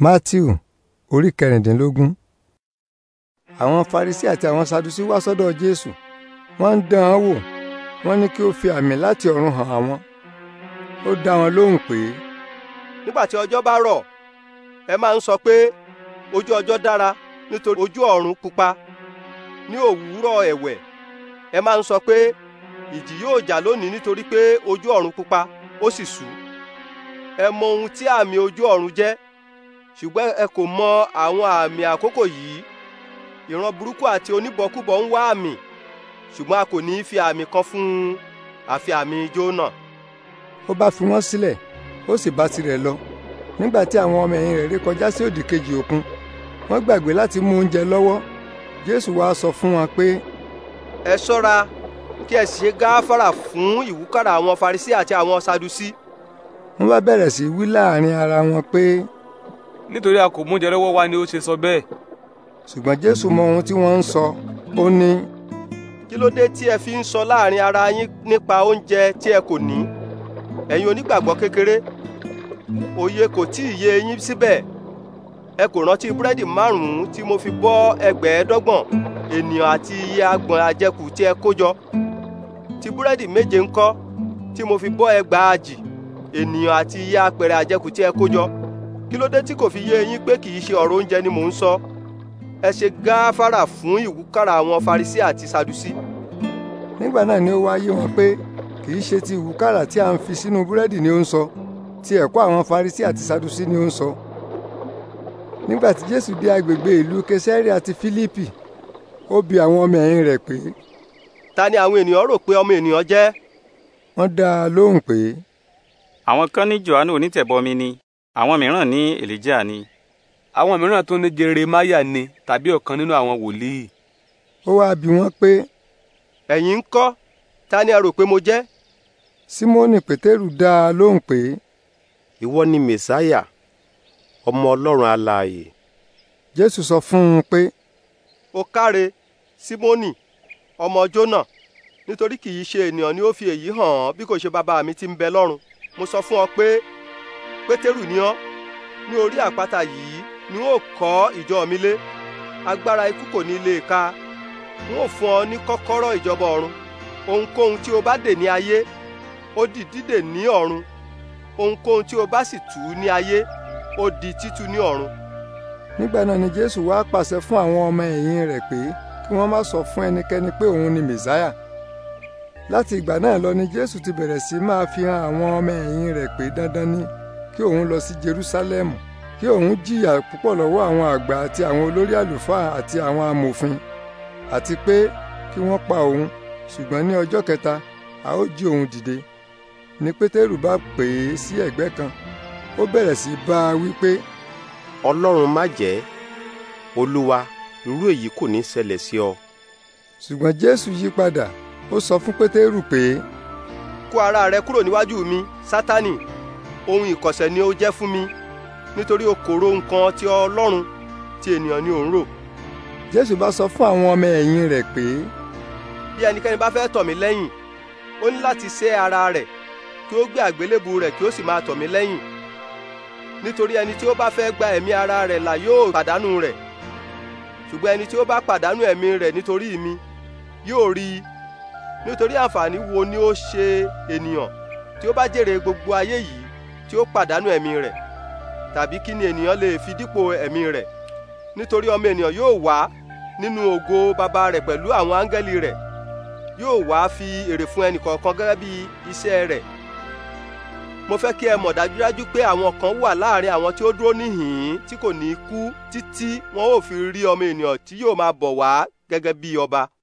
matthew orí kẹrìndínlógún. àwọn farisi àti àwọn sadusi wá sọ́dọ̀ jésù wọ́n ń dán án wò wọ́n ní kí ó fi àmì láti ọ̀run hàn àwọn. ó dá wọn lóhùn pé. nígbà tí ọjọ́ bá rọ̀ ẹ máa ń sọ pé ojú ọjọ́ dára nítorí ojú ọ̀run pupa ní òwúrọ̀ ẹ̀wẹ̀ ẹ máa ń sọ pé ìjì yóò jà lónìí nítorí pé ojú ọ̀run pupa ó sì ṣú ẹ mọ ohun tí àmì ojú ọ̀run jẹ́ ṣùgbọ́n ẹ kò mọ àwọn àmì àkókò yìí ìran burúkú àti oníbọ̀kúbọ̀ ń wá àmì ṣùgbọ́n a kò ní í fi àmì kan fún un àfi àmì Jónà. ó bá fi wọ́n sílẹ̀ ó sì bá tirẹ̀ lọ nígbà tí àwọn ọmọ ẹ̀yìn rẹ̀ rí kọjá sí òdì kejì òkun wọ́n gbàgbé láti mú oúnjẹ lọ́wọ́ Jésù wá sọ fún wọn pé. ẹ ṣọ́ra kí ẹ sì ṣe gáfárà fún ìwúkàrà àwọn Farisí àti àwọn Sadusí. wọ́n bá bẹ̀rẹ̀ sí wí láàrin ara wọn pé nítorí a kò múnjẹ lọ́wọ́ wa ni ó ṣe sọ bẹ́ẹ̀. ṣùgbọ́n jésù mọ ohun tí wọ́n ń sọ ó ní. kí ló dé tí ẹ fi ń sọ láàrin ara yín nípa oúnjẹ tí ẹ kò ní ẹ̀yin onígbàgbọ́ kékeré òye kò tí ì yé yín síbẹ̀ ẹ kò rántí búrẹ́dì márùn-ún tí mo fi bọ́ ẹgbẹ̀ẹ́dọ́gbọ̀n ènìyàn àti iye agbọ̀n àjẹkù tí ẹ kó ti búrẹ́dì méje ńkọ́ tí mo fi bọ́ ẹgbàájì ènìyàn àti iye apẹ̀rẹ̀ àjẹkù tí ẹ kó jọ kí ló dé tí kò fi yé yín pé kì í ṣe ọ̀rọ̀ oúnjẹ ni mò ń sọ ẹ ṣe gáfárà fún ìwúkàrà àwọn Farisí àti Sadusí. nígbà náà ni ó wá yé wọn pé kì í ṣe ti ìwúkàrà tí a ń fi sínú búrẹ́dì ni ó ń sọ ti ẹ̀kọ́ àwọn Farisí àti Sadusí ni ó ń sọ. nígbà tí Jésù dé agbègbè ìlú Kesari àti Fílípì ó bi àwọn ọmọ ẹ̀yìn rẹ̀ pé. ta ni àwọn ènìyàn rò pé ọmọ ènìyàn jẹ́. wọ́n dá a lóhùn pé. àwọn kan ní Jòhánù onítẹ̀bọmi ni àwọn mìíràn ní elijah ni. àwọn mìíràn tún ní jeremiah ni tàbí ọ̀kan nínú àwọn wòlíì. ó wáá bi wọ́n pé. ẹ̀yin ń kọ́ ta ni a rò pé mo jẹ́. simoni pétérù dá a lóhùn pé. ìwọ ni mẹsáyà ọmọ ọlọ́run alààyè. jésù sọ fún un pé. o káre simoni ọmọ jónà nítorí kì í ṣe ènìyàn ni ó fi èyí hàn án bí kò ṣe bàbá mi tí ń bẹ lọ́run mo sọ fún ọ pé pétérù ni ọ́ ní orí àpáta yìí ni ó kọ́ ìjọ mi lé agbára ikú kò ní lè ka n ó fún ọ ní kọ́kọ́rọ́ ìjọba ọ̀run ohunkóhun tí o bá dè ní ayé ó di dídè ní ọ̀run ohunkóhun tí o bá sì tù ú ní ayé ó di títú ní ọ̀run. nígbà náà ni jésù wá pàṣẹ fún àwọn ọmọ ẹ̀yìn rẹ̀ pé kí wọ́n má sọ fún ẹnikẹ́ni pé òun ni mèsáyà láti ìgbà náà lọ ni jésù ti bẹ̀rẹ̀ sí máa fi hàn àwọn ọmọ ẹ̀yìn rẹ̀ pé dandan ni kí òun lọ sí Jerúsálẹ́mù kí òun jìyà púpọ̀ lọ́wọ́ àwọn àgbà àti àwọn olórí àlùfáà àti àwọn amòfin àti pé kí wọ́n pa òun ṣùgbọ́n ní ọjọ́ kẹta a ó jí òun dìde ni Pétérù bá pè é sí ẹ̀gbẹ́ kan ó bẹ̀rẹ̀ sí bá a wípé. Ọlọ́run má jẹ́ Olúwa irú èyí kò ní ṣẹlẹ̀ sí ọ. ṣùgbọ́n Jésù yí padà ó sọ fún Pétérù pé. kó ara rẹ kúrò níwájú mi Sátánì ohun ìkọ̀sẹ̀ ni ó jẹ́ fún mi nítorí o kò nǹkan ti Ọlọ́run tí ènìyàn ni òun rò. Jésù bá sọ fún àwọn ọmọ ẹ̀yìn rẹ̀ pé. bí ẹnikẹ́ni bá fẹ́ tọ̀ mí lẹ́yìn ó ní láti sẹ́ ara rẹ̀ kí ó gbé àgbélébù rẹ̀ kí ó sì máa tọ̀ mí lẹ́yìn nítorí ẹni tí ó bá fẹ́ gba ẹ̀mí ara rẹ̀ là yóò pàdánù rẹ̀ ṣùgbọ́n ẹni tí ó bá pàdánù ẹ̀mí rẹ̀ nítorí mi yóò rí i nítorí àǹfààní wo ni ó ṣe ènìyàn tí ó bá jèrè gbogbo ayé yìí tí ó pàdánù ẹ̀mí rẹ̀ tàbí kí ni ènìyàn lè fi dípò ẹ̀mí rẹ̀ nítorí ọmọ ènìyàn yóò wá nínú ògo bàbá rẹ̀ pẹ̀lú àwọn áńgẹ́lì rẹ̀ yóò wá fi èrè fún ẹnìkọ̀ọ̀kan gẹ́gẹ́ bí iṣẹ́ rẹ̀ mo fẹ́ kí ẹ mọ̀ dájúdájú pé àwọn kan wà láàrin àwọn tí ó dúró níhìn-ín tí kò ní kú títí wọn ò fi rí ọmọ ènìyàn tí yóò máa bọ̀ wá gẹ́gẹ́ bí ọba